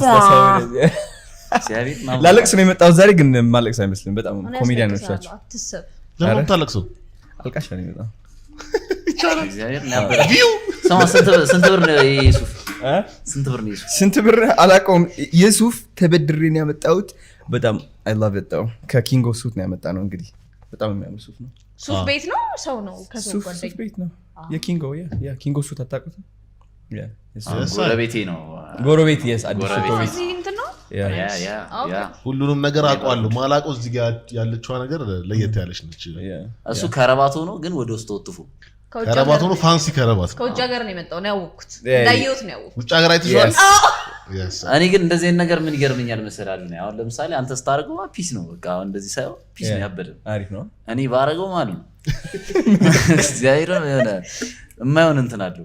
ላለቅስ ነው የመጣሁት ዛሬ ግን ማለቅስ አይመስልም። በጣም ኮሜዲያን ናቸው። ለምን ታለቅሰው? አልቃሽ ነው የሚመጣው። ስንት ብር አላውቀውም። የሱፍ ተበድሬን ያመጣሁት በጣም አይ ላቭ በጣም ከኪንጎ ሱት ነው ያመጣ ነው። እንግዲህ በጣም የሚያምር ሱፍ ነው። ሱፍ ቤት ነው ሰው ነው ሱፍ ቤት ነው የኪንጎ ያ ኪንጎ ሱት አታውቁትም? ጎረቤት ሁሉንም ነገር አውቀዋለሁ። ማላውቀው እዚህ ጋር ያለችዋ ነገር ለየት ያለች ነች። እሱ ከረባት ሆኖ ግን ወደ ውስጥ ወጥፎ ከረባት ሆኖ ፋንሲ ከረባት። ከውጭ ሀገር ነው የመጣው ነው ያወቅኩት፣ እንዳየሁት ነው ያወቅኩት። ውጭ ሀገር አይተሽዋል? እኔ ግን እንደዚህ ነገር ምን ይገርመኛል መሰላል። አሁን ለምሳሌ አንተ ስታደርገው ፒስ ነው በቃ እንደዚህ ሳይሆን ፒስ ነው ያበደ እኔ ባረገው ማለት ነው እግዚአብሔር የሆነ የማይሆን እንትን አለው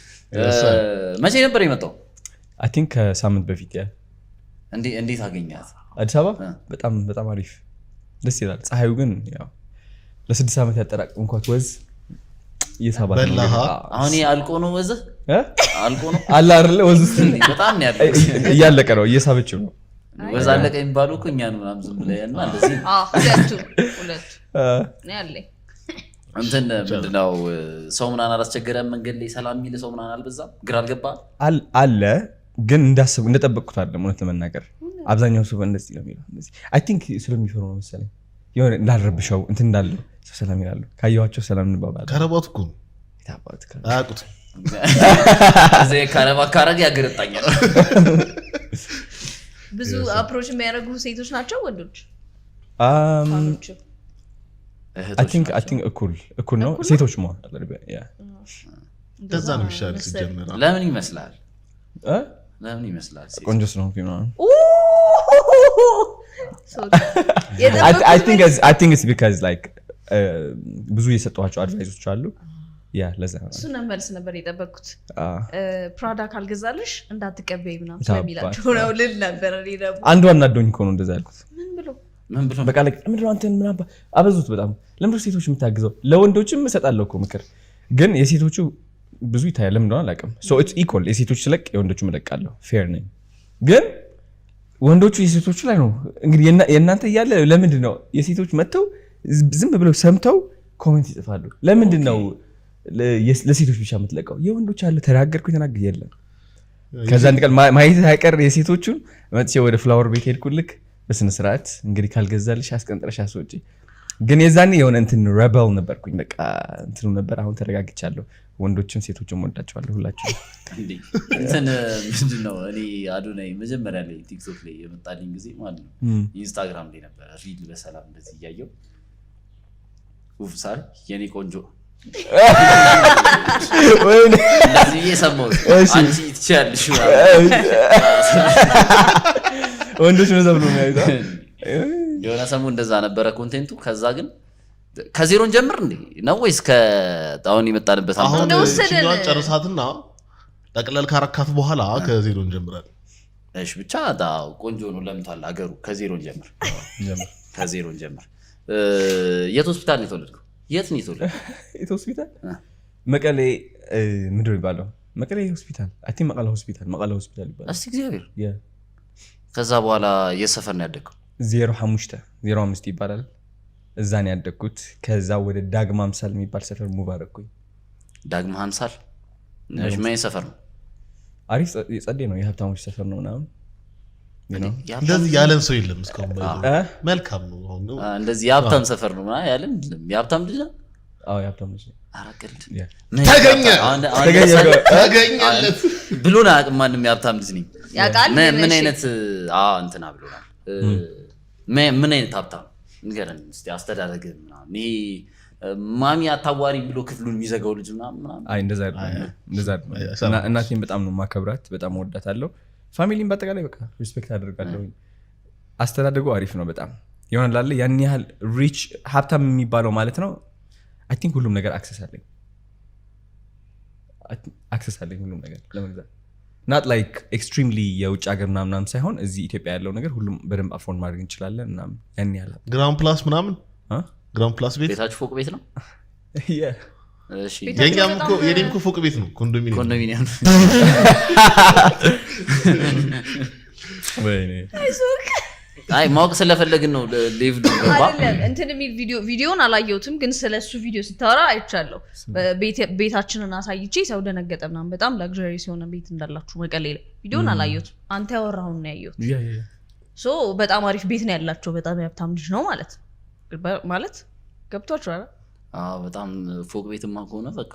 መቼ ነበር የመጣው? አይ ቲንክ ከሳምንት በፊት ያ። እንዴት አገኛት? አዲስ አበባ በጣም በጣም አሪፍ ደስ ይላል። ፀሐዩ ግን ያው ለስድስት ዓመት ያጠራቀምኳት ወዝ እየሳባት አሁን አልቆ ነው ወዝ አልቆ ነው አለ አይደለ? ወዝ ውስጥ በጣም ነው ያለው፣ እያለቀ ነው፣ እየሳበችው ነው። ወዝ አለቀ የሚባለው እኮ እኛ ነው ምናምን ዝም ብለህ እና እንደዚህ ሁለቱ ሁለቱ ያለኝ እንትን ምንድነው ሰው ምናን አላስቸገረ መንገድ ላይ ሰላም የሚል ሰው ምናን አልበዛ ግር አልገባ አለ ግን እንዳስቡ እንደጠበቅኩት አይደለም። እውነት ለመናገር አብዛኛው ሰው እንደዚህ ነው የሚለው። እንደዚህ አይ ቲንክ ስለሚፈሩ ነው መሰለኝ የሆነ እንዳልረብሸው እንትን እንዳለ ሰው ሰላም ይላሉ። ካየኋቸው ሰላም እንባባል። ከረባት እኮ አያውቁት ከረባት ካረግ ያገረጣኛል። ብዙ አፕሮች የሚያደርጉ ሴቶች ናቸው ወንዶች እኩል ነው ሴቶች ለምን ይመስላል ብዙ የሰጠኋቸው አድቫይሶች አሉ። እሱ መልስ ነበር የጠበቅኩት። ፕራዳ ካልገዛልሽ እንዳትቀበይ ምናምን ስለሚላቸው ነው ልል ነበር። አንዱ እናዶኝ ከሆኑ እንደዛ ያልኩት በቃ አበዙት። በጣም ለምድ ሴቶች የምታግዘው? ለወንዶችም እሰጣለሁ እኮ ምክር፣ ግን የሴቶቹ ብዙ ይታያል። ለምን እንደሆነ አላውቅም። ሶ ኢትስ ኢኳል የሴቶች ስለቅ የወንዶቹ እለቃለሁ። ፌር ነኝ። ግን ወንዶቹ የሴቶቹ ላይ ነው እንግዲህ የእናንተ እያለ ለምንድን ነው የሴቶች መጥተው ዝም ብለው ሰምተው ኮሜንት ይጽፋሉ? ለምንድን ነው ለሴቶች ብቻ የምትለቀው? የወንዶች አለ ተናገርኩ የተናገር የለም። ከዛ አንድ ቀን ማየት አይቀር የሴቶቹን መጥቼ ወደ ፍላወር ቤት ሄድኩ ልክ በስነስርዓት እንግዲህ ካልገዛልሽ አስቀንጥረሽ አስወጪ። ግን የዛኔ የሆነ እንትን ረበል ነበርኩኝ። በቃ እንትኑ ነበር። አሁን ተረጋግቻለሁ። ወንዶችም ሴቶችም ወዳቸዋለሁ። ሁላችሁ እንትን ምንድን ነው እኔ አዶናይ መጀመሪያ ላይ ቲክቶክ ላይ የመጣልኝ ጊዜ ማለት ነው ኢንስታግራም ላይ ነበረ ሪል በሰላም እንደዚህ እያየው ውፍ ሳር የኔ ቆንጆ እየሰማሁት አንቺ ትችያለሽ ወንዶች ነው ዘብሎ የሚያዩት የሆነ ሰሙ እንደዛ ነበረ ኮንቴንቱ። ከዛ ግን ከዜሮን ጀምር እንዴ ነው ወይስ ከአሁን የመጣንበት አሁን ጨርሳትና ጠቅለል ካረካት በኋላ ከዜሮን ጀምራል። እሺ ብቻ ቆንጆ ነው ለምታል አገሩ። ከዜሮን ጀምር ከዜሮን ጀምር። የት ሆስፒታል ነው የተወለድከው? የት ነው የተወለድከው? የት ሆስፒታል? መቀሌ ምድር ይባለው መቀሌ ሆስፒታል አይ ቲንክ መቀሌ ሆስፒታል መቀሌ ሆስፒታል ይባላል። እስኪ እግዚአብሔር ከዛ በኋላ የሰፈር ነው ያደግኩት። ዜሮ ሐሙሽተ ዜሮ አምስት ይባላል። እዛ ነው ያደግኩት። ከዛ ወደ ዳግማ አምሳል የሚባል ሰፈር ሙባረኩኝ። ዳግማ አምሳል ነጅማ ሰፈር ነው አሪፍ የጸዴ ነው፣ የሀብታሞች ሰፈር ነው ምናምን። እንደዚህ የዓለም ሰው የለም እስካሁን። መልካም ነው እንደዚህ የሀብታም ሰፈር ነው ያለን የሀብታም ልጅ ነው ተገኘለት ብሎን አያውቅም ማንም። የሀብታም ልጅ ነኝ ምን አይነት እንትና ብሎናል። ምን አይነት ሀብታም ንገረን ስ አስተዳደግ ምናምን ማሚ አታዋሪ ብሎ ክፍሉን የሚዘጋው ልጅ ምናምን። እናቴን በጣም ነው ማከብራት፣ በጣም ወዳት አለው ፋሚሊን በአጠቃላይ በቃ ሪስፔክት አደርጋለሁ። አስተዳደጉ አሪፍ ነው በጣም ይሆናል። ያን ያህል ሪች ሀብታም የሚባለው ማለት ነው አይ ቲንክ ሁሉም ነገር አክሰስ አለኝ አክሰስ አለኝ ሁሉም ነገር ለመግዛት ናት ላይክ ኤክስትሪምሊ የውጭ ሀገር ምናምናም ሳይሆን እዚህ ኢትዮጵያ ያለው ነገር ሁሉም በደንብ አፎን ማድረግ እንችላለን ምናምን ያን ያለ ግራን ፕላስ ምናምን ግራን ፕላስ ቤት ቤታችሁ ፎቅ ቤት ነው የእኛም እኮ የኔም እኮ ፎቅ ቤት ነው ኮንዶሚኒየም ኮንዶሚኒየም አይ ማወቅ ስለፈለግን ነው። ሌቭ እንትን የሚል ቪዲዮን አላየሁትም፣ ግን ስለ እሱ ቪዲዮ ስታወራ አይቻለሁ። ቤታችንን አሳይቼ ሰው ደነገጠ ምናምን። በጣም ላግዠሪ ሲሆነ ቤት እንዳላችሁ መቀሌ ላይ። ቪዲዮን አላየሁትም፣ አንተ ያወራሁን ነው ያየሁት። ሶ በጣም አሪፍ ቤት ነው ያላቸው። በጣም የሀብታም ልጅ ነው ማለት ማለት ገብቷችሁ? በጣም ፎቅ ቤትማ ከሆነ በቃ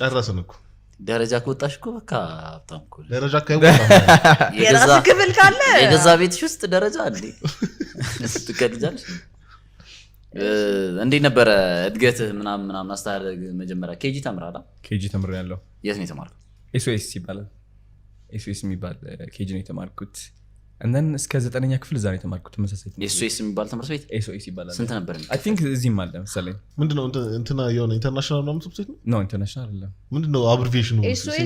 ጨረስን እኮ ደረጃ ከወጣሽ እኮ በቃ ሀብታም እኮ ደረጃ የራስ ክፍል ካለ የገዛ ቤትሽ ውስጥ ደረጃ አለ። ትቀልጃለሽ። እንዴት ነበረ እድገትህ? ምናምን ምናምን አስተዳደግ መጀመሪያ ኬጂ ተምራላ? ኬጂ ተምር ያለው የት ነው የተማርኩት? ኤስኦኤስ ይባላል። ኤስኦኤስ የሚባል ኬጂ ነው የተማርኩት። እንደን እስከ ዘጠነኛ ክፍል እዛ ነው የተማርኩት። ተመሳሳይ ኤስኦኤስ የሚባል ትምህርት ቤት ኤስኦኤስ ይባላል። ስንት ነበር? አይ ቲንክ እዚህም አለ መሰለኝ። ምንድን ነው እንትና የሆነ ኢንተርናሽናል ምናምን ትምህርት ቤት ነው? ኢንተርናሽናል አይደለም። ምንድነው አብሪቬሽኑ? ኤስኦኤስ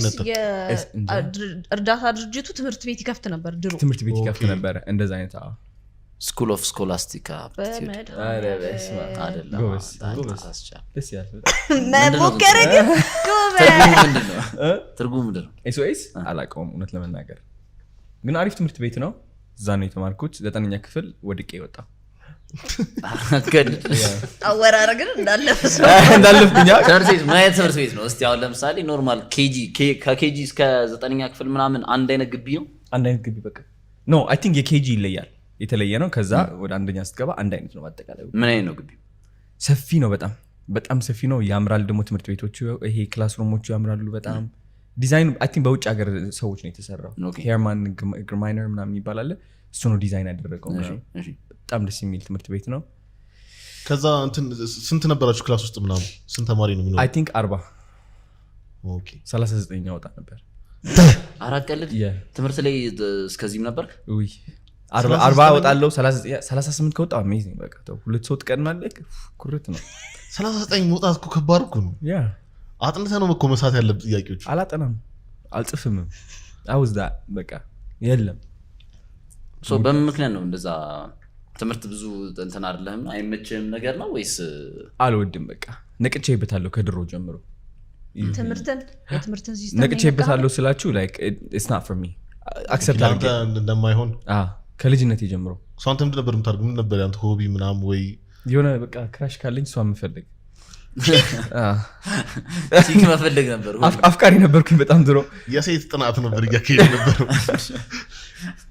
ድርጅቱ ትምህርት ቤት ይከፍት ነበር ድሮ። ትምህርት ቤት ይከፍት ነበር እንደዛ አይነት ስኩል ኦፍ ስኮላስቲካ ትርጉም ምንድነው? ኤስኦኤስ አላውቀውም እውነት ለመናገር ግን አሪፍ ትምህርት ቤት ነው። እዛ ነው የተማርኩት። ዘጠነኛ ክፍል ወድቄ ወጣ አወራረ ግን ትምህርት ቤት ምን ነው? እስቲ አሁን ለምሳሌ ኖርማል ኬጂ ከኬጂ እስከ ዘጠነኛ ክፍል ምናምን አንድ አይነት ግቢ ነው። አንድ አይነት ግቢ በቃ ኖ አይ ቲንክ የኬጂ ይለያል፣ የተለየ ነው። ከዛ ወደ አንደኛ ስትገባ አንድ አይነት ነው። አጠቃላይ ምን አይነት ነው ግቢው? ሰፊ ነው፣ በጣም በጣም ሰፊ ነው። ያምራል ደግሞ ትምህርት ቤቶቹ ይሄ ክላስሩሞቹ ያምራሉ በጣም ዲዛይኑ አይ ቲንክ በውጭ ሀገር ሰዎች ነው የተሰራው። ሄርማን ግርማይነር ምናምን ይባላል። እሱ ነው ዲዛይን ያደረገው። በጣም ደስ የሚል ትምህርት ቤት ነው። ከዛ ስንት ነበራችሁ ክላስ ውስጥ ምናም ስንት ተማሪ ነው የሚኖረው? አይ ቲንክ አርባ ሰላሳ ዘጠኝ ያወጣ ነበር። አራት ቀልድ ትምህርት ላይ እስከዚህም ነበር። አርባ ወጣለው ሰላሳ ስምንት ከወጣ አሜዚንግ በቃ ሁለት ሰው ትቀድማለህ። ኩርት ነው። ሰላሳ ዘጠኝ መውጣት እኮ ከባድ እኮ ነው። አጥንተ ነው እኮ መሳት ያለብ ጥያቄዎች። አላጠናም፣ አልጽፍምም። አውዝዳ በቃ የለም። በምን ምክንያት ነው እንደዛ? ትምህርት ብዙ እንትን አይደለህም፣ አይመችም ነገር ነው ወይስ? አልወድም በቃ ነቅቼ ይበታለሁ ከድሮ ጀምሮ ትምህርትን የትምህርትን ሲስተም ነቅቼበታለሁ ስላችሁ ላይክ እንደማይሆን ከልጅነት የጀምሮ እሷ አንተ ምንድን ነበር የምታደርገው? ምን ነበር ያንተ ሆቢ ምናም ወይ የሆነ በቃ ክራሽ ካለኝ እሷ የምፈልግ መፈለግ ነበር። አፍቃሪ ነበርኩኝ በጣም ድሮ። የሴት ጥናት ነበር እያካሄድ ነበር።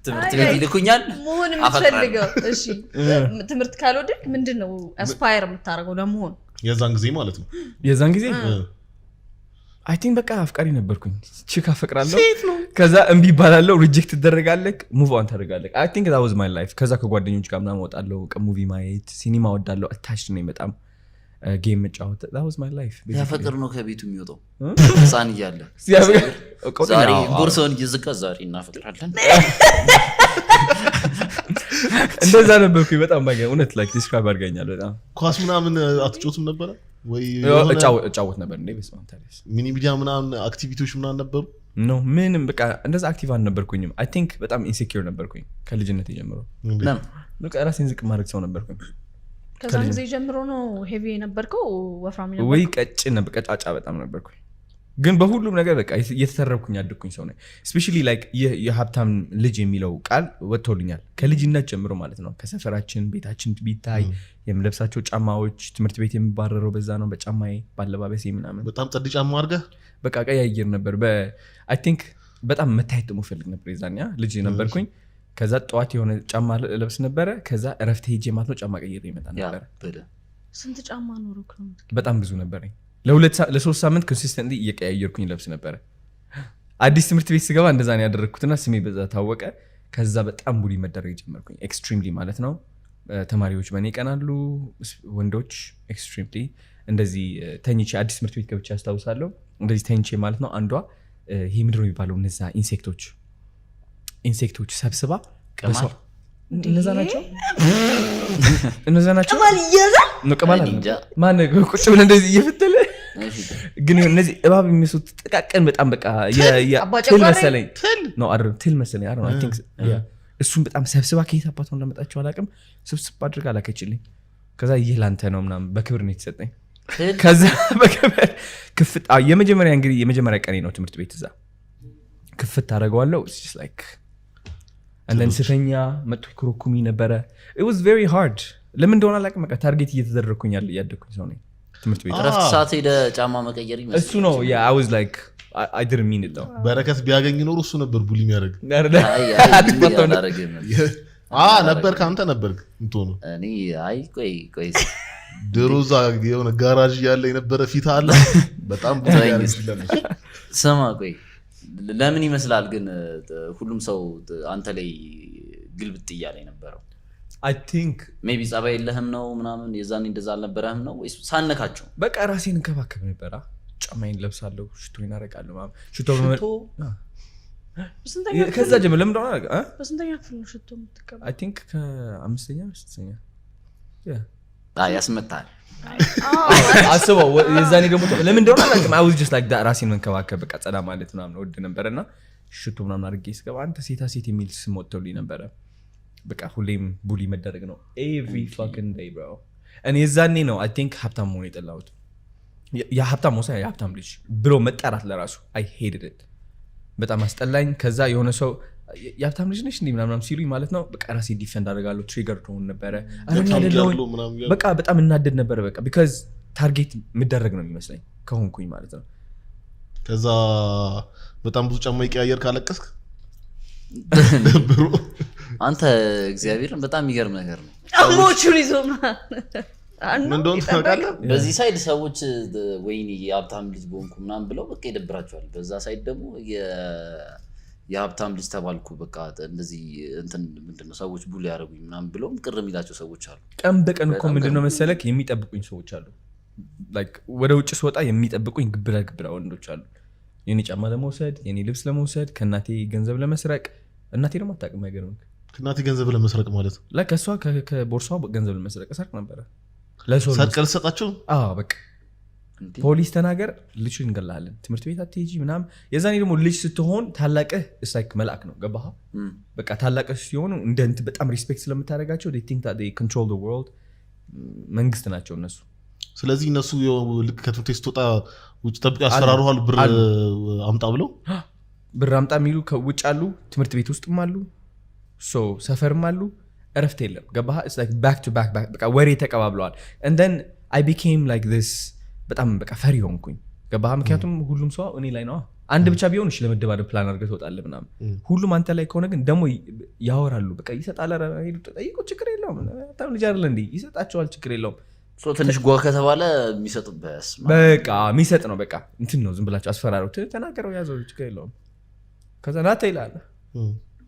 ትምህርት ቤት ይልኩኛል። መሆን የምትፈልገው ትምህርት ካልወደድክ ምንድን ነው አስፓየር የምታደርገው ለመሆን? የዛን ጊዜ ማለት ነው። የዛን ጊዜ አይ ቲንክ በቃ አፍቃሪ ነበርኩኝ። ቺክ አፈቅራለሁ፣ ከዛ እምቢ ይባላለሁ፣ ሪጀክት ትደረጋለህ፣ ሙቭ ኦን ታደርጋለህ። አይ ቲንክ ዛት ዋዝ ማይ ላይፍ። ከዛ ከጓደኞች ጋር ምናምን እወጣለሁ፣ ሙቪ ማየት፣ ሲኒማ እወዳለሁ። አታች ነኝ በጣም ጌም uh, መጫወት ማይ ላይፍ ሲያፈቅር ነው ከቤቱ የሚወጣው ህፃን እያለ ጎርሰውን እየዘጋ ዛሬ እናፈቅራለን እንደዛ ነበርኩ። በጣም ባገ እውነት ላይ ዲስክራይብ አድርገኛል። በጣም ኳስ ምናምን uh, አትጮትም ነበረ ወይ እጫወት ነበር እ ሚኒሚዲያ ምናምን አክቲቪቲዎች ምናምን ነበሩ? ኖ ምንም በቃ እንደዛ አክቲቭ አልነበርኩኝም። አይ ቲንክ በጣም ኢንሴኪር ነበርኩኝ ከልጅነት የጀምረው ራሴን ዝቅ ማድረግ ሰው ነበርኩኝ። ከዛን ጊዜ ጀምሮ ነው ሄቪ የነበርከው? ወፍራም ወይ ቀጭን ነበር? ቀጫጫ በጣም ነበርኩ፣ ግን በሁሉም ነገር በቃ እየተሰረብኩኝ ያደግኩኝ ሰው ነኝ። እስፔሻሊ ላይክ የሀብታም ልጅ የሚለው ቃል ወጥቶልኛል ከልጅነት ጀምሮ ማለት ነው። ከሰፈራችን ቤታችን ቢታይ የምለብሳቸው ጫማዎች፣ ትምህርት ቤት የሚባረረው በዛ ነው፣ በጫማ ባለባበስ ምናምን። በጣም ጥድ ጫማ አርገ በቃ ቀያየር ነበር። አይ ቲንክ በጣም መታየት ደግሞ ፈልግ ነበር። የዛን ልጅ ነበርኩኝ ከዛ ጠዋት የሆነ ጫማ ለብስ ነበረ። ከዛ እረፍት ሄጄ ማለት ጫማ ቀይሬ ይመጣ ነበረ። ስንት ጫማ ኖሮ? በጣም ብዙ ነበረኝ። ለሶስት ሳምንት ኮንሲስተንት እየቀያየርኩኝ ለብስ ነበረ። አዲስ ትምህርት ቤት ስገባ እንደዛ ነው ያደረግኩትና ስሜ በዛ ታወቀ። ከዛ በጣም ቡሊ መደረግ ጀመርኩኝ፣ ኤክስትሪምሊ ማለት ነው። ተማሪዎች በእኔ ይቀናሉ፣ ወንዶች ኤክስትሪምሊ። እንደዚህ ተኝቼ አዲስ ትምህርት ቤት ገብቼ ያስታውሳለሁ። እንደዚህ ተኝቼ ማለት ነው አንዷ ይሄ ምድር የሚባለው እነዛ ኢንሴክቶች ኢንሴክቶች ሰብስባ ቅማል እነዛ ናቸው እነዛ ናቸው። ቅማል ማን ቁጭ ብለህ እንደዚህ እየፈተለ ግን እነዚህ እባብ የሚመስሉት ጥቃቅን በጣም በቃ ትል መሰለኝ ትል መሰለኝ እሱን በጣም ሰብስባ ከየት አባቷ እንዳመጣቸው አላቅም ስብስብ አድርግ አላከችልኝ። ከዛ ይህ ላንተ ነው ምናም በክብር ነው የተሰጠኝ። ከዛ በክብር ክፍት የመጀመሪያ እንግዲህ የመጀመሪያ ቀኔ ነው ትምህርት ቤት እዛ ክፍት አደረገዋለው ላይክ እንደን ስተኛ መጥቶ ክሮኩሚ ነበረ። ዋዝ ቬሪ ሃርድ። ለምን እንደሆነ አላውቅም። በቃ ታርጌት እየተደረግኩኝ እያደግኩኝ ሰው ነኝ። ትምህርት ቤት እረፍት ah. ሰዓት ሄደ ጫማ መቀየር ይመስል እሱ ነው ዋዝ ላይክ አይድር ሚን ነው። በረከት ቢያገኝ ኖሩ እሱ ነበር ቡሊ የሚያደርግ ነበርክ። አንተ ነበርክ እንትኑ አይ ቆይ ቆይ ድሮ እዛ የሆነ ጋራጅ ያለ የነበረ ፊት አለ በጣም ስማ ቆይ ለምን ይመስላል ግን ሁሉም ሰው አንተ ላይ ግልብጥ እያለ የነበረው? ሜይ ቢ ጸባይ የለህም ነው ምናምን የዛኔ እንደዛ አልነበረህም ነው ወይስ ሳነካቸው? በቃ ራሴን እንከባከብ ነበራ። ጫማይን ለብሳለሁ፣ ሽቶ ይናረቃለ ሽቶ ከዛ ጀምር ለምን በስንተኛ ክፍል ነው ሽቶ የምትቀባ? ከአምስተኛ ስተኛ ያስመታል። አስበው የዛኔ ደግሞ ለምን እንደሆነ አላውቅም። አይ ዋዝ ጀስት ላይክ ዳት ራሴን መንከባከብ በቃ ጸዳ ማለት ምናምን ወድ እና ሽቶ ምናምን አድርጌ ስገባ አንተ ሴታ ሴት የሚል ስም ወጥቶልኝ ነበረ። በቃ ሁሌም ቡሊ መደረግ ነው ኤቭሪ ፋክን ብሮ። እኔ የዛኔ ነው አይ ቲንክ ሀብታም መሆን የጠላሁት። የሀብታም ወሳ የሀብታም ልጅ ብሎ መጠራት ለራሱ አይ ሄድድ በጣም አስጠላኝ። ከዛ የሆነ ሰው የሀብታም ልጅ ነሽ እንዲ ምናምናም ሲሉኝ ማለት ነው በቃ ራሴ ዲፌንድ አደርጋለሁ። ትሪገር ሆን ነበረ በቃ በጣም እናደድ ነበረ። በቃ ቢካዝ ታርጌት የምደረግ ነው የሚመስለኝ ከሆንኩኝ ማለት ነው። ከዛ በጣም ብዙ ጫማ ይቀያየር ካለቀስክ አንተ እግዚአብሔርን በጣም የሚገርም ነገር ነው። ጫማዎቹን ይዞ በዚህ ሳይድ ሰዎች ወይኔ የሀብታም ልጅ በሆንኩ ምናምን ብለው በቃ ይደብራቸዋል። በዛ ሳይድ ደግሞ የሀብታም ልጅ ተባልኩ በቃ እንደዚህ እንትን ምንድነው ሰዎች ቡል ያደረጉኝ ምናምን ብለውም ቅር የሚላቸው ሰዎች አሉ። ቀን በቀን እኮ ምንድነው መሰለክ የሚጠብቁኝ ሰዎች አሉ። ወደ ውጭ ስወጣ የሚጠብቁኝ ግብራ ግብራ ወንዶች አሉ። የኔ ጫማ ለመውሰድ፣ የኔ ልብስ ለመውሰድ፣ ከእናቴ ገንዘብ ለመስረቅ። እናቴ ደግሞ አታውቅም። አይገርምህ? ከእናቴ ገንዘብ ለመስረቅ ማለት ከእሷ ከቦርሷ ገንዘብ ለመስረቅ ሰርቅ ነበረ። ለሰው ሰጥ ልሰጣቸው በቃ ፖሊስ ተናገር ልጅ እንገላለን፣ ትምህርት ቤት አትሄጂ ምናም የዛኔ ደግሞ ልጅ ስትሆን ታላቅህ እሳይክ መልአክ ነው። ገባ በቃ ታላቅ ሲሆኑ እንደንት በጣም ሪስፔክት ስለምታደርጋቸው ንትሮል ወርልድ መንግስት ናቸው እነሱ። ስለዚህ እነሱ ልክ ከትምህርት ቤት ስትወጣ ውጭ ጠብቀው ያስፈራሩሃል፣ ብር አምጣ ብለው ብር አምጣ የሚሉ ከውጭ አሉ፣ ትምህርት ቤት ውስጥም አሉ፣ ሰፈርም አሉ። እረፍት የለም። ገባ ወሬ ተቀባብለዋል። እንደን አይ ቢኬም ላይክ በጣም በቃ ፈሪ ሆንኩኝ። ገባ? ምክንያቱም ሁሉም ሰው እኔ ላይ ነዋ። አንድ ብቻ ቢሆን እሺ ለመደባደብ ፕላን አድርገ ትወጣለህ ምናምን። ሁሉም አንተ ላይ ከሆነ ግን ደግሞ ያወራሉ። በቃ ይሰጣል። ሄዱ ጠይቁ፣ ችግር የለውም። በጣም ልጅ አይደለ እንዲ ይሰጣቸዋል፣ ችግር የለውም። ትንሽ ጓ ከተባለ የሚሰጡበት በቃ የሚሰጥ ነው። በቃ እንትን ነው። ዝም ብላቸው አስፈራረው፣ ተናገረው፣ ያዘው፣ ችግር የለውም። ከዛ ናተ ይላለ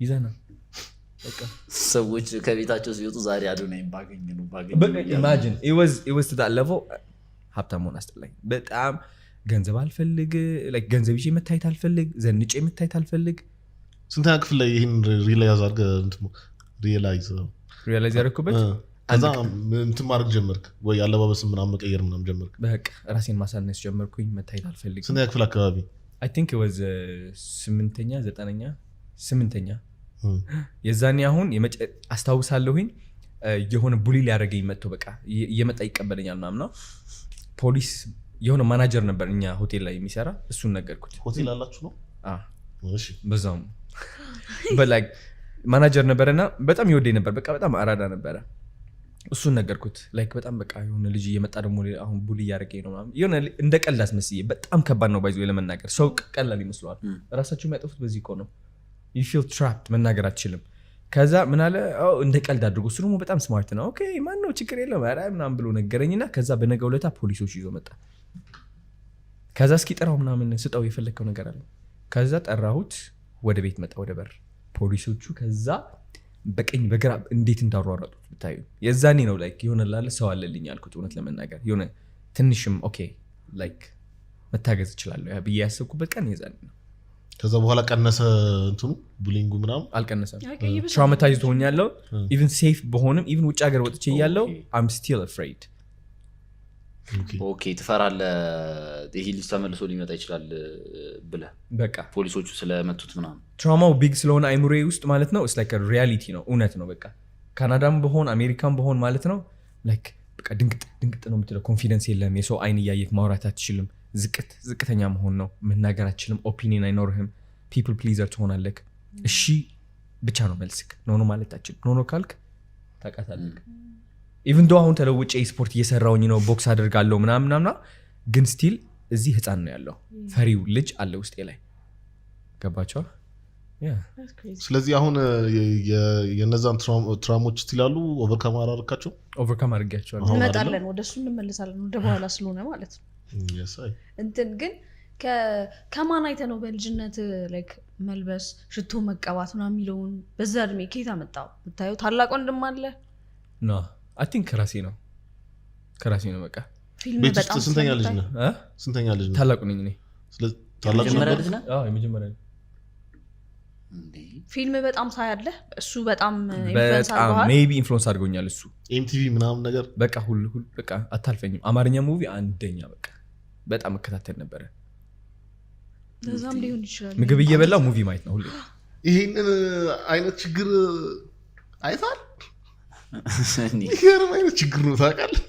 ይዘና ሰዎች ከቤታቸው ሲወጡ ዛሬ አዶናይን ባገኝ ነው ባገኝ ኢማጂን ኢወዝ ኢወዝ ትታለፈው ሀብታም መሆን አስጠላኝ በጣም ገንዘብ አልፈልግ ገንዘብ ይዤ መታየት አልፈልግ ዘንጬ መታየት አልፈልግ ስንተኛ ክፍል ላይ ይህን ሪላይዝ አድርገህ ሪላይዝ ሪላይዝ ያደረኩበት ከዛ እንትን ማድረግ ጀመርክ ወይ አለባበስ ምናምን መቀየር ምናምን ጀመርክ በቃ ራሴን ማሳነስ ጀመርኩኝ መታየት አልፈልግ ስንተኛ ክፍል አካባቢ አይ ቲንክ ወዝ ስምንተኛ ዘጠነኛ ስምንተኛ የዛኔ አሁን አስታውሳለሁኝ uh, የሆነ ቡሊ ሊያደረገኝ መጥቶ በቃ እየመጣ ይቀበለኛል ምናምና ፖሊስ የሆነ ማናጀር ነበር እኛ ሆቴል ላይ የሚሰራ እሱን ነገርኩት። ሆቴል አላችሁ ነው? በዛም በላይ ማናጀር ነበረ እና በጣም ይወደኝ ነበር። በቃ በጣም አራዳ ነበረ። እሱን ነገርኩት። ላይክ በጣም በቃ የሆነ ልጅ እየመጣ ደግሞ አሁን ቡል እያደረገኝ ነው የሆነ እንደ ቀላስ አስመስዬ። በጣም ከባድ ነው ባይዞ ለመናገር። ሰው ቀላል ይመስለዋል። ራሳቸው የሚያጠፉት በዚህ ነው። ዩ ፊል ትራፕድ መናገር አትችልም ከዛ ምን አለ እንደ ቀልድ አድርጎ እሱ ደግሞ በጣም ስማርት ነው። ኦኬ ማን ነው ችግር የለም ምናምን ብሎ ነገረኝና ከዛ በነገ ውለታ ፖሊሶች ይዞ መጣ። ከዛ እስኪ ጠራው ምናምን ስጠው የፈለግከው ነገር አለ። ከዛ ጠራሁት፣ ወደ ቤት መጣ፣ ወደ በር ፖሊሶቹ። ከዛ በቀኝ በግራ እንዴት እንዳሯሯጡት ብታዩ። የዛኔ ነው ላይክ የሆነ ላለ ሰው አለልኝ ያልኩት። እውነት ለመናገር የሆነ ትንሽም ኦኬ ላይክ መታገዝ እችላለሁ ብዬ ያሰብኩበት ቀን የዛኔ ነው። ከዛ በኋላ ቀነሰ እንትኑ ቡሊንጉ ምናምን አልቀነሰም። ትራውማታይዝድ ያለው ኢቭን ሴፍ በሆንም ኢቭን ውጭ ሀገር ወጥቼ እያለሁ አም ስቲል አፍሬድ። ኦኬ ትፈራለህ፣ ይሄ ልጅ ተመልሶ ሊመጣ ይችላል ብለህ በቃ ፖሊሶቹ ስለመቱት ምናም ትራማው ቢግ ስለሆነ አይምሮ ውስጥ ማለት ነው ስ ሪያሊቲ ነው እውነት ነው። በቃ ካናዳም በሆን አሜሪካም በሆን ማለት ነው ላይክ በቃ ድንግጥ ድንግጥ ነው የምትለው። ኮንፊደንስ የለም። የሰው አይን እያየት ማውራት አትችልም። ዝቅት ዝቅተኛ መሆን ነው። መናገራችንም ኦፒኒን አይኖርህም። ፒፕል ፕሊዘር ትሆናለክ እሺ ብቻ ነው መልስክ። ኖኖ ማለታችን ኖኖ ካልክ ታቃታለክ ኢቨን ዶ አሁን ተለውጭ ስፖርት እየሰራውኝ ነው፣ ቦክስ አድርጋለሁ ምናምናምና ግን ስቲል እዚህ ህፃን ነው ያለው። ፈሪው ልጅ አለ ውስጤ ላይ ገባቸዋል ስለዚህ አሁን የነዛን ትራሞች ስትላሉ ኦቨርካም አራርካቸው ኦቨርካም አርጊያቸዋል እንመጣለን፣ ወደሱ እንመልሳለን እንመለሳለን፣ ወደ በኋላ ስለሆነ ማለት ነው። እንትን ግን ከማን አይተህ ነው በልጅነት ላይክ መልበስ ሽቶ መቀባት ና የሚለውን በዛ እድሜ ከየት አመጣው? ብታየው ታላቅ ወንድም አለ ኖ ከራሴ ነው ከራሴ ነው በቃ ስንተኛ ልጅ ነህ? ስንተኛ ልጅ ነህ? ታላቁ ነኝ እኔ። የመጀመሪያ ፊልም በጣም ሳያለህ እሱ በጣም ሜይ ቢ ኢንፍሉወንስ አድርጎኛል። እሱ ኤምቲቪ ምናምን ነገር በቃ ሁሉ በቃ አታልፈኝም። አማርኛ ሙቪ አንደኛ በቃ በጣም እከታተል ነበረ። ምግብ እየበላው ሙቪ ማየት ነው ሁሌ። ይህንን አይነት ችግር አይታል። ይሄንም አይነት ችግር ነው ታውቃለህ።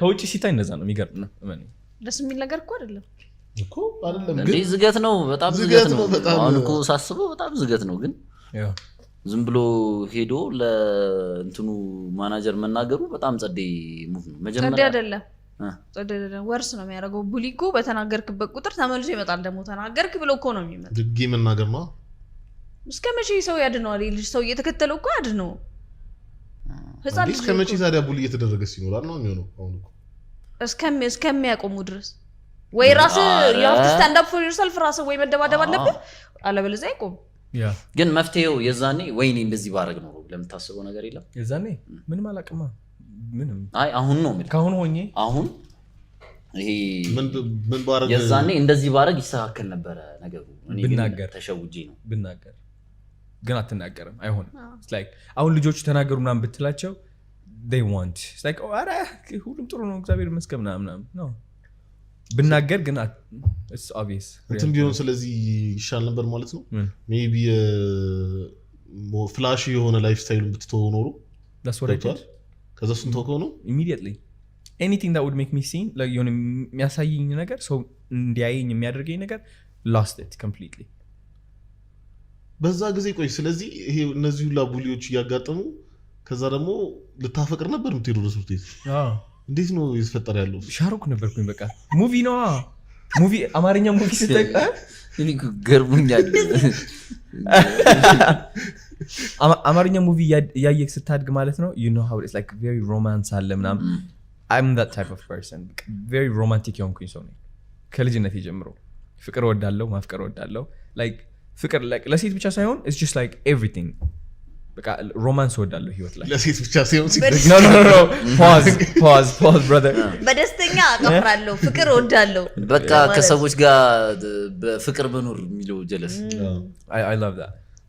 ከውጭ ሲታይ እንደዛ ነው። የሚገርም ነው። ደስ የሚል ነገር እኮ አይደለም እኮ አይደለም፣ ግን ዝገት ነው። በጣም ዝገት ነው። አሁን እኮ ሳስበው በጣም ዝገት ነው። ግን ዝም ብሎ ሄዶ ለእንትኑ ማናጀር መናገሩ በጣም ጸዴ ሙቭ ነው። መጀመሪያ አይደለም ወርስ ነው የሚያደርገው። ቡሊ እኮ በተናገርክበት ቁጥር ተመልሶ ይመጣል። ደግሞ ተናገርክ ብሎ እኮ ነው የሚመጣ። ድጊ መናገር ነው። እስከ መቼ ሰው ያድነዋል? ልጅ ሰው እየተከተለው እኮ አድነው። ህጻን ልጅ እስከ መቼ ታዲያ ቡሊ እየተደረገ ሲኖራል ነው የሚሆነው? አሁን እኮ እስከሚያቆሙ ድረስ ወይ ራስ የሀብት ስታንድ አፕ ፎር ዮርሰልፍ ራስ ወይ መደባደብ አለብህ፣ አለበለዚያ አይቆም። ግን መፍትሄው የዛኔ ወይኔ እንደዚህ ባረግ ነው ለምታስበው ነገር የለም። የዛኔ ምንም አላቅማ ምንም አይ አሁን ነው ከአሁን ሆኜ አሁን ይሄ የዛኔ እንደዚህ ባረግ ይስተካከል ነበረ ነገሩ። ብናገር ተሸውጄ ነው ብናገር፣ ግን አትናገርም፣ አይሆንም። አሁን ልጆቹ ተናገሩ ምናምን ብትላቸው ዋንት ሁሉም ጥሩ ነው እግዚአብሔር ይመስገን ምናምን ነው ብናገር ግን እንትን ቢሆን ስለዚህ ይሻል ነበር ማለት ነው። ሜይ ቢ ፍላሽ የሆነ ላይፍ ስታይሉን ብትተወው ኖሮ ከዛ እሱን ተውከው ነው ኢሚዲየትሊ ኤኒቲንግ ዳት ውድ ሜክ ሚ ሲን የሆነ የሚያሳየኝ ነገር ሰው እንዲያየኝ የሚያደርገኝ ነገር ላስት ኢት ኮምፕሊትሊ በዛ ጊዜ ቆይ ስለዚህ ይሄ እነዚህ ሁላ ቡሊዎች እያጋጠሙ ከዛ ደግሞ ልታፈቅር ነበር የምትሄዱ ወደ ትምህርት እንዴት ነው የተፈጠረ ያለው ሻሩክ ነበርኩኝ በቃ ሙቪ ነዋ ሙቪ አማርኛ ሙቪ ስጠቃ ገርሙኛል አማርኛ ሙቪ እያየህ ስታድግ ማለት ነው ዩ ሃው ኢትስ ላይክ ቬሪ ሮማንስ አለ ምናምን አም ዛት ታይፕ ኦፍ ፐርሰን ቬሪ ሮማንቲክ የሆንኩኝ ሰው ነኝ ከልጅነት ጀምሮ ፍቅር ወዳለው ማፍቀር ወዳለው ላይክ ፍቅር ለሴት ብቻ ሳይሆን ኢትስ ጀስት ላይክ ኤቭሪቲንግ በቃ ሮማንስ ወዳለሁ ህይወት ላይ ለሴት ብቻ ሲሆን በደስተኛ አቀፍራለሁ ፍቅር ወዳለሁ በቃ ከሰዎች ጋር በፍቅር መኖር የሚለው ጀለስ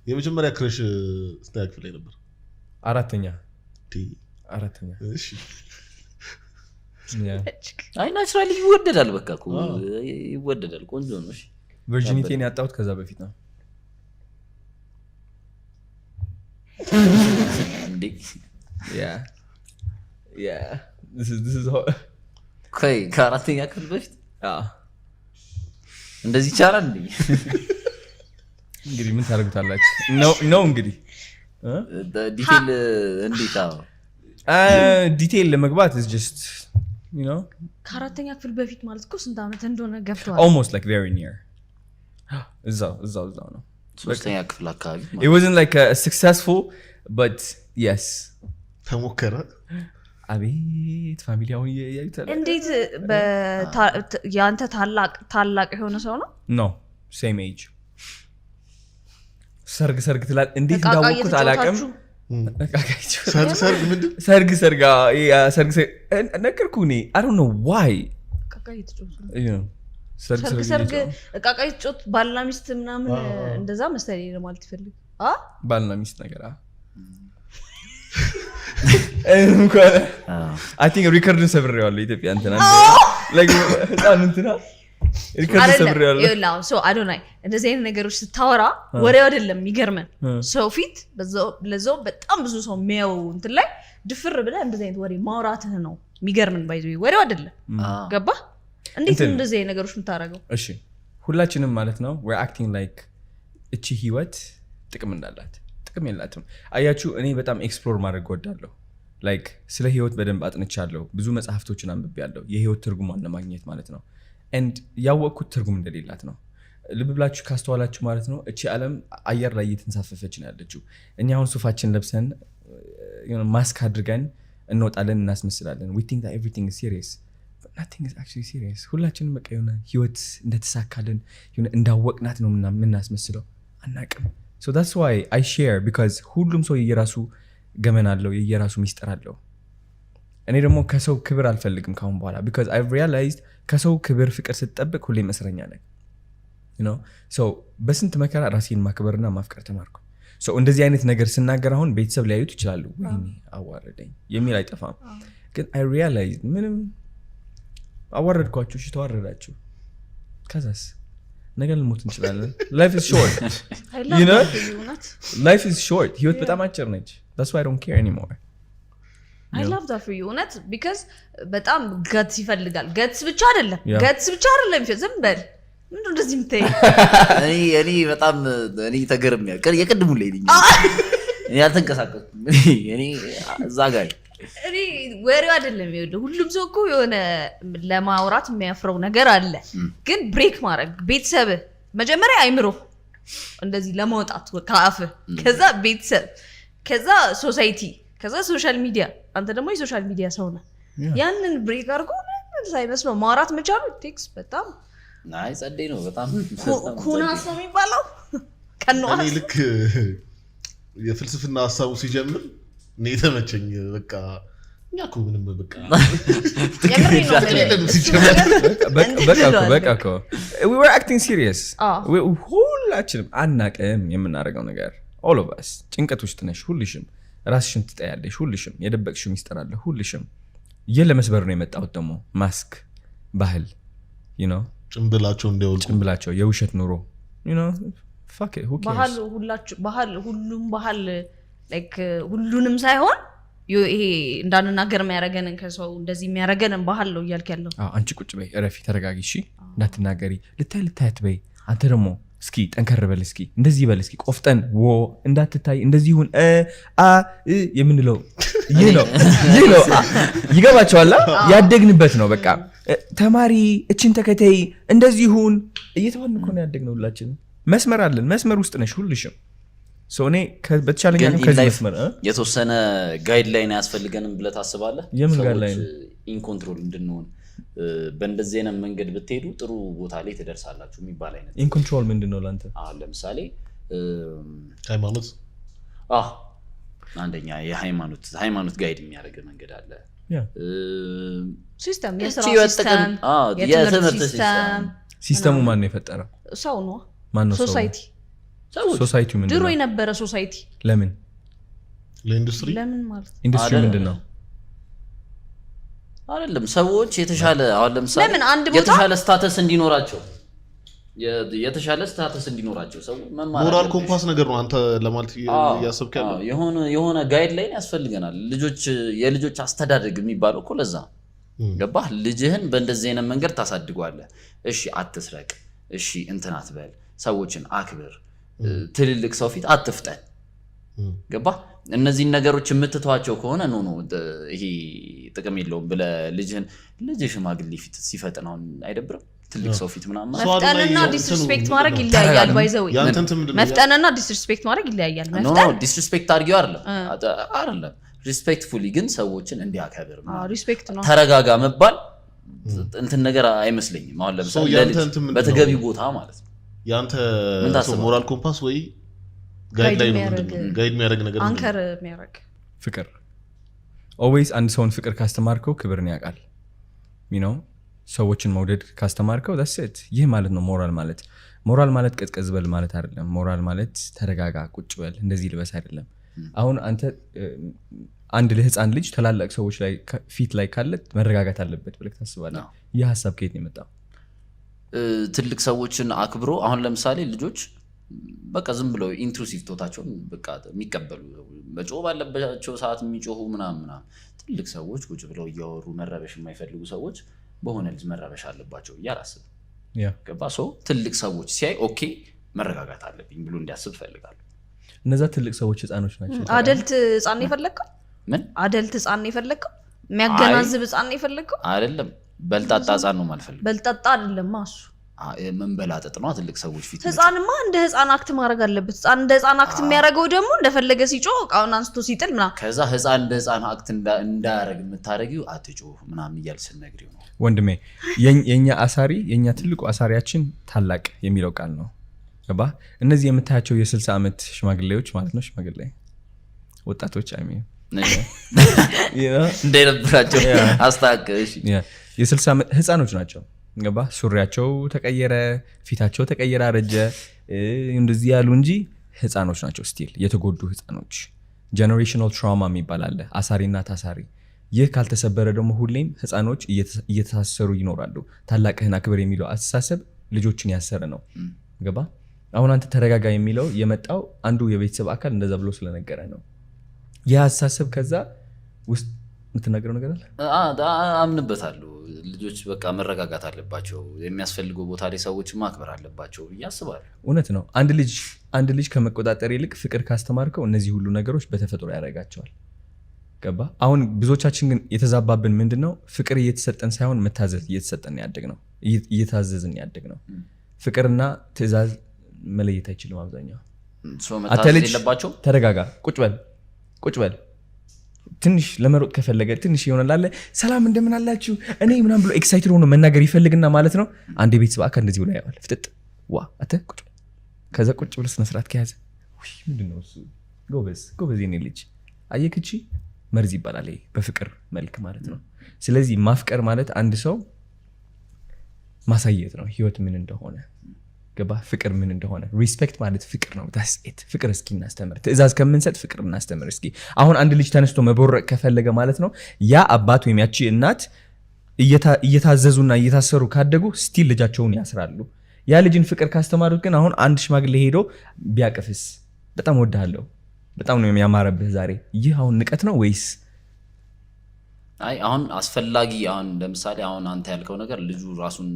የመጀመሪያ ክረሽ ስንተኛ ክፍል ላይ ነበር? አራተኛ አራተኛ። አይ ናቹራሊ ይወደዳል፣ በቃ ይወደዳል። ቆንጆ ነው። ቨርጂኒቲን ያጣሁት ከዛ በፊት ነው። ከአራተኛ ክፍል በፊት እንደዚህ ይቻላል እንዴ? እንግዲህ ምን ታደርጉታላችሁ ነው እንግዲህ ዲቴል እንዴት ዲቴል ለመግባት ጀስት ከአራተኛ ክፍል በፊት ማለት እኮ ስንት ዓመት እንደሆነ ገብተዋል። ኦልሞስት ላይክ ቬሪ ኒር እዛው እዛው እዛው ነው። ሶስተኛ ክፍል አካባቢ ኢት ዋዝንት ላይክ ሰክሰስፉል በት የስ ተሞከረ። አቤት ፋሚሊ አሁን እያዩታል። እንዴት የአንተ ታላቅ የሆነ ሰው ነው? ኖ ሴም ኤጅ ሰርግ ሰርግ ትላል እንዴት እንዳወቅኩት አላውቅም። ሰርግ ሰርግ ምንድን እኔ ዋይ ሰርግ ባልና ሚስት ምናምን እንደዛ መሰለኝ ለማለት ይፈልግ ባልና ሚስት ነገር እንኳን አይ ቲንክ ሪከርድን ሰብሬዋለሁ ኢትዮጵያ እንትና ህፃን እንትና አዶናይ እንደዚህ አይነት ነገሮች ስታወራ ወሬ አይደለም የሚገርመን ሰው ፊት ለዛው በጣም ብዙ ሰው የሚያው እንትን ላይ ድፍር ብለ እንደዚህ አይነት ወሬ ማውራትህ ነው የሚገርምን። ባይዘ ወሬው አይደለም ገባ። እንዴት እንደዚህ አይነት ነገሮች የምታደርገው? እሺ ሁላችንም ማለት ነው ወይ አክቲንግ ላይክ እቺ ህይወት ጥቅም እንዳላት ጥቅም የላትም። አያችሁ እኔ በጣም ኤክስፕሎር ማድረግ ወዳለሁ ላይክ ስለ ህይወት በደንብ አጥንቻለሁ። ብዙ መጽሐፍቶችን አንብቤ ያለው የህይወት ትርጉሟን ለማግኘት ማለት ነው ያወቅኩት ትርጉም እንደሌላት ነው። ልብ ብላችሁ ካስተዋላችሁ ማለት ነው እቺ ዓለም አየር ላይ እየተንሳፈፈች ነው ያለችው። እኛ አሁን ሱፋችን ለብሰን ማስክ አድርገን እንወጣለን፣ እናስመስላለን። ዊ ቲንክ ኤቭሪቲንግ ሲሪየስ ሲሪየስ። ሁላችንም በቃ የሆነ ህይወት እንደተሳካልን እንዳወቅናት ነው የምናስመስለው፣ አናቅም። ሶ ዳትስ ዋይ አይ ሼር ቢካዝ ሁሉም ሰው የየራሱ ገመና አለው፣ የየራሱ ሚስጥር አለው። እኔ ደግሞ ከሰው ክብር አልፈልግም ካሁን በኋላ ቢኮዝ አይ ሪያላይዝድ ከሰው ክብር ፍቅር ስትጠብቅ ሁሌ እስረኛ ነኝ። ሰው በስንት መከራ ራሴን ማክበርና ማፍቀር ተማርኩ። ሰው እንደዚህ አይነት ነገር ስናገር አሁን ቤተሰብ ሊያዩት ይችላሉ። ወይኔ አዋረደኝ የሚል አይጠፋም። ግን አይ ሪያላይዝድ ምንም አዋረድኳችሁ፣ እሺ ተዋረዳችሁ። ከዛስ ነገ ልሞት እንችላለን። ላይፍ ኢዝ ሾርት፣ ህይወት በጣም አጭር ነች። ዳትስ ዋይ አይ አይ ላቭ ዛት ፎር ዩ እውነት ቢካዝ በጣም ገትስ ይፈልጋል። ገትስ ብቻ አይደለም ገትስ ብቻ አይደለም። ዝም በል ምንድን እንደዚህ የምታየው? እኔ በጣም እኔ ተገርም ተገርሜያለሁ። የቅድሙ ላይ ነኝ እኔ ያልተንቀሳቀስኩም እኔ እዛ ጋር እኔ ወሬው አይደለም ይኸውልህ፣ ሁሉም ሰው እኮ የሆነ ለማውራት የሚያፍረው ነገር አለ። ግን ብሬክ ማድረግ ቤተሰብህ መጀመሪያ አይምሮ እንደዚህ ለማውጣት ከአፍህ ከዛ ቤተሰብ ከዛ ሶሳይቲ ከዛ ሶሻል ሚዲያ አንተ ደግሞ የሶሻል ሚዲያ ሰው ነ ያንን ብሬክ አድርጎ ሳይመስለው ማውራት መቻሉ ቴክስ በጣም ጸደይ ነው። በጣም ኩናስ ነው የሚባለው። ከነዋስ ልክ የፍልስፍና ሀሳቡ ሲጀምር እኔ የተመቸኝ በቃ እኛ እኮ ምንም በቃ አክቲንግ ሲሪየስ ሁላችንም አናቅም የምናደርገው ነገር ኦል ኦፍ አስ ጭንቀት ውስጥ ነሽ ሁልሽም ራስሽን ትጠያለሽ። ሁልሽም የደበቅሽው ሚስጥር አለ። ሁልሽም ይህ ለመስበር ነው የመጣሁት። ደግሞ ማስክ ባህል ነው። ጭንብላቸው እንዲያወልቁ ጭንብላቸው የውሸት ኑሮ ሁሉም ባህል ሁሉንም ሳይሆን ይሄ እንዳንናገር የሚያደርገንን ከሰው እንደዚህ የሚያደርገንን ባህል ነው እያልክ ያለው። አንቺ ቁጭ በይ፣ እረፊ፣ ተረጋጊ፣ እንዳትናገሪ፣ ልታይ ልታያት በይ። አንተ ደግሞ እስኪ ጠንከር በል እስኪ እንደዚህ በል እስኪ ቆፍጠን ዎ እንዳትታይ እንደዚህ ሁን አ የምንለው ይህ ነው ይህ ነው ይገባቸዋል ያደግንበት ነው በቃ ተማሪ እችን ተከተይ እንደዚህ ሁን እየተባልን እኮ ነው ያደግነው ሁላችን መስመር አለን መስመር ውስጥ ነሽ ሁልሽም እኔ በተቻለኝ የተወሰነ ጋይድ ላይን አያስፈልገንም ብለህ ታስባለህ የምን ጋይድ ላይን ኢንኮንትሮል እንድንሆን በእንደዚህ አይነት መንገድ ብትሄዱ ጥሩ ቦታ ላይ ትደርሳላችሁ የሚባል አይነት ኢንኮንትሮል ምንድን ነው ለአንተ? ለምሳሌ ሃይማኖት አንደኛ የሃይማኖት ሃይማኖት ጋይድ የሚያደርገ መንገድ አለ። ሲስተሙ ማን ነው የፈጠረው? ሰው ነው። ሶሳይቲ ድሮ የነበረ ሶሳይቲ ለምን ለኢንዱስትሪ ለምን ማለት ኢንዱስትሪ ምንድን ነው አይደለም ሰዎች የተሻለ አሁን ለምሳሌ የተሻለ ስታተስ እንዲኖራቸው የተሻለ ስታተስ እንዲኖራቸው ሰው መማር ሞራል ኮምፓስ ነገር ነው። አንተ ለማለት እያሰብክ ያለው የሆነ የሆነ ጋይድ ላይን ያስፈልገናል። ልጆች የልጆች አስተዳደግ የሚባለው እኮ ለዛ ገባህ? ልጅህን በእንደዚህ አይነት መንገድ ታሳድጓለህ። እሺ አትስረቅ፣ እሺ እንትን አትበል፣ ሰዎችን አክብር፣ ትልልቅ ሰው ፊት አትፍጠን። ገባህ? እነዚህን ነገሮች የምትተዋቸው ከሆነ ኖ ኖ ይሄ ጥቅም የለውም ብለ ልጅህን ልጅ ሽማግሌ ፊት ሲፈጥን አሁን አይደብርም? ትልቅ ሰው ፊት ምናምን መፍጠንና ዲስሪስፔክት ማድረግ ይለያያል። ባይዘዌ መፍጠንና ዲስሪስፔክት ማድረግ ይለያያል። ዲስሪስፔክት አድርጊው አይደለም አይደለም፣ ሪስፔክትፉሊ ግን ሰዎችን እንዲያከብር ተረጋጋ መባል እንትን ነገር አይመስለኝም። አሁን ለምሳሌ በተገቢ ቦታ ማለት ነው ያንተ ሞራል ኮምፓስ ወይ ጋይድ ነገር አንከር ፍቅር ኦልዌይስ አንድ ሰውን ፍቅር ካስተማርከው ክብርን ያውቃል ነው ሰዎችን መውደድ ካስተማርከው ሴት ይህ ማለት ነው ሞራል ማለት ሞራል ማለት ቀዝቀዝ በል ማለት አይደለም ሞራል ማለት ተረጋጋ ቁጭ በል እንደዚህ ልበስ አይደለም hmm. አሁን አንተ አንድ ለህፃን ልጅ ተላላቅ ሰዎች ላይ ፊት ላይ ካለ መረጋጋት አለበት ብለ ታስባለ ይህ ሀሳብ ከየት ነው የመጣው ትልቅ ሰዎችን አክብሮ አሁን ለምሳሌ ልጆች በቃ ዝም ብለው ኢንትሩሲቭ ቶታቸውን በቃ የሚቀበሉ መጮህ ባለባቸው ሰዓት የሚጮሁ ምናምን ምናምን ትልቅ ሰዎች ቁጭ ብለው እያወሩ መረበሽ የማይፈልጉ ሰዎች በሆነ ልጅ መረበሽ አለባቸው ብዬ ገባ ሰው ትልቅ ሰዎች ሲያይ ኦኬ መረጋጋት አለብኝ ብሎ እንዲያስብ ይፈልጋሉ። እነዛ ትልቅ ሰዎች ህፃኖች ናቸው። አደልት ህፃን የፈለግከው ምን አደልት ህፃን የፈለግከው የሚያገናዝብ ህፃን የፈለግከው አይደለም። በልጣጣ ህፃን ነው ማልፈልግ። በልጣጣ አይደለም እሱ መንበላጠጥ ነው። ትልቅ ሰዎች ፊት ህፃንማ እንደ ህፃን አክት ማድረግ አለበት። ህፃን እንደ ህፃን አክት የሚያደርገው ደግሞ እንደፈለገ ሲጮ እቃውን አንስቶ ሲጥል ምናምን፣ ከዛ ህፃን እንደ ህፃን አክት እንዳያደርግ የምታደርጊው አትጮ ምናምን እያል ስነግሪው ነው። ወንድሜ የእኛ አሳሪ የእኛ ትልቁ አሳሪያችን ታላቅ የሚለው ቃል ነው። ባ እነዚህ የምታያቸው የስልሳ ዓመት ሽማግሌዎች ማለት ነው ሽማግሌ ወጣቶች አሚ እንደነበራቸው አስታቀ የስልሳ ዓመት ህፃኖች ናቸው ገባ ሱሪያቸው ተቀየረ፣ ፊታቸው ተቀየረ፣ አረጀ፣ እንደዚህ ያሉ እንጂ ህፃኖች ናቸው። ስቲል የተጎዱ ህፃኖች። ጀኔሬሽናል ትራውማ የሚባል አለ፣ አሳሪና ታሳሪ። ይህ ካልተሰበረ ደግሞ ሁሌም ህፃኖች እየተሳሰሩ ይኖራሉ። ታላቅህን አክብር የሚለው አስተሳሰብ ልጆችን ያሰረ ነው። ገባ አሁን አንተ ተረጋጋ የሚለው የመጣው አንዱ የቤተሰብ አካል እንደዛ ብሎ ስለነገረ ነው። ይህ አስተሳሰብ ከዛ ውስጥ የምትናገረው ነገር አለ? አምንበታለሁ። ልጆች በቃ መረጋጋት አለባቸው። የሚያስፈልገው ቦታ ላይ ሰዎች ማክበር አለባቸው ብዬ አስባለሁ። እውነት ነው። አንድ ልጅ አንድ ልጅ ከመቆጣጠር ይልቅ ፍቅር ካስተማርከው እነዚህ ሁሉ ነገሮች በተፈጥሮ ያደርጋቸዋል። ገባ? አሁን ብዙዎቻችን ግን የተዛባብን ምንድን ነው ፍቅር እየተሰጠን ሳይሆን መታዘዝ እየተሰጠን ያደግ ነው፣ እየታዘዝን ያደግ ነው። ፍቅርና ትዕዛዝ መለየት አይችልም አብዛኛው። አተልጅ ተረጋጋ፣ ቁጭ በል ቁጭ በል ትንሽ ለመሮጥ ከፈለገ ትንሽ ይሆናል። ሰላም እንደምን አላችሁ እኔ ምናም ብሎ ኤክሳይትድ ሆኖ መናገር ይፈልግና ማለት ነው አንድ የቤተሰብ አካል እንደዚህ ብሎ ያዋል ፍጥጥ ዋ አተ ቁጭ ከዛ ቁጭ ብሎ ስነስርዓት ከያዘ ምንድነው እሱ ጎበዝ ጎበዝ የኔ ልጅ አየክቺ መርዝ ይባላል በፍቅር መልክ ማለት ነው። ስለዚህ ማፍቀር ማለት አንድ ሰው ማሳየት ነው ህይወት ምን እንደሆነ ገባ ፍቅር ምን እንደሆነ ሪስፔክት ማለት ፍቅር ነው። ታስት ፍቅር እስኪ እናስተምር፣ ትእዛዝ ከምንሰጥ ፍቅር እናስተምር እስኪ። አሁን አንድ ልጅ ተነስቶ መቦረቅ ከፈለገ ማለት ነው ያ አባት ወይም ያቺ እናት እየታዘዙና እየታሰሩ ካደጉ ስቲል ልጃቸውን ያስራሉ። ያ ልጅን ፍቅር ካስተማሩት ግን አሁን አንድ ሽማግሌ ሄዶ ቢያቅፍስ በጣም ወድሃለሁ፣ በጣም ነው የሚያማረብህ ዛሬ፣ ይህ አሁን ንቀት ነው ወይስ አይ አሁን አስፈላጊ አሁን ለምሳሌ አሁን አንተ ያልከው ነገር ልጁ ራሱን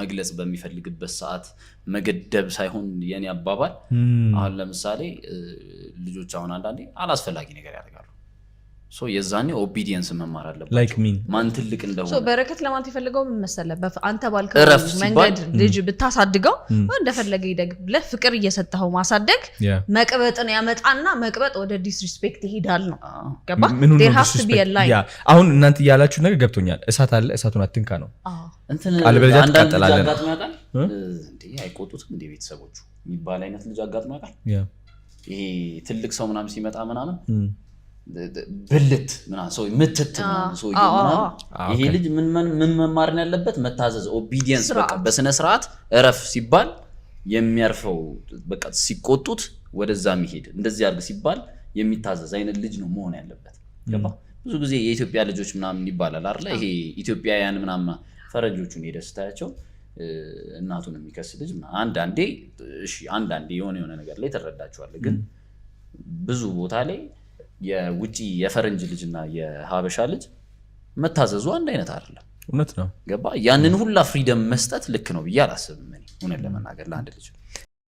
መግለጽ በሚፈልግበት ሰዓት መገደብ ሳይሆን የኔ አባባል አሁን ለምሳሌ ልጆች አሁን አንዳንዴ አላስፈላጊ ነገር ያደርጋሉ። የዛኔ ኦቢዲየንስ መማር አለባቸው። ማን ትልቅ እንደሆነ በረከት ለማለት የፈለገው ምን መሰለህ፣ አንተ ባልከው መንገድ ልጅ ብታሳድገው እንደፈለገ ይደግ ብለ ፍቅር እየሰጠኸው ማሳደግ መቅበጥን ያመጣና መቅበጥ ወደ ዲስሪስፔክት ይሄዳል ነው። አሁን እናንተ እያላችሁ ነገር ገብቶኛል። እሳት አለ፣ እሳቱን አትንካ ነው። አልበለዚያ ትቃጠላለህ። አይቆጡትም እንደ ቤተሰቦቹ የሚባል አይነት ልጅ አጋጥሞ ያውቃል። ይሄ ትልቅ ሰው ምናምን ሲመጣ ምናምን ብልት ሰው ምትት ይሄ ልጅ ምን መማርን ያለበት መታዘዝ፣ ኦቢዲየንስ በስነ ስርዓት እረፍ ሲባል የሚያርፈው በቃ ሲቆጡት ወደዛ የሚሄድ እንደዚህ አድርግ ሲባል የሚታዘዝ አይነት ልጅ ነው መሆን ያለበት። ብዙ ጊዜ የኢትዮጵያ ልጆች ምናምን ይባላል አለ ይሄ ኢትዮጵያውያን ምናምን ፈረንጆቹን ሄደህ ስታያቸው እናቱን የሚከስ ልጅ አንዳንዴ አንዳንዴ የሆነ የሆነ ነገር ላይ ተረዳቸዋለ ግን ብዙ ቦታ ላይ የውጪ የፈረንጅ ልጅና የሀበሻ ልጅ መታዘዙ አንድ አይነት አይደለም። እውነት ነው። ገባ ያንን ሁላ ፍሪደም መስጠት ልክ ነው ብዬ አላስብም። እኔ እውነት ለመናገር ለአንድ ልጅ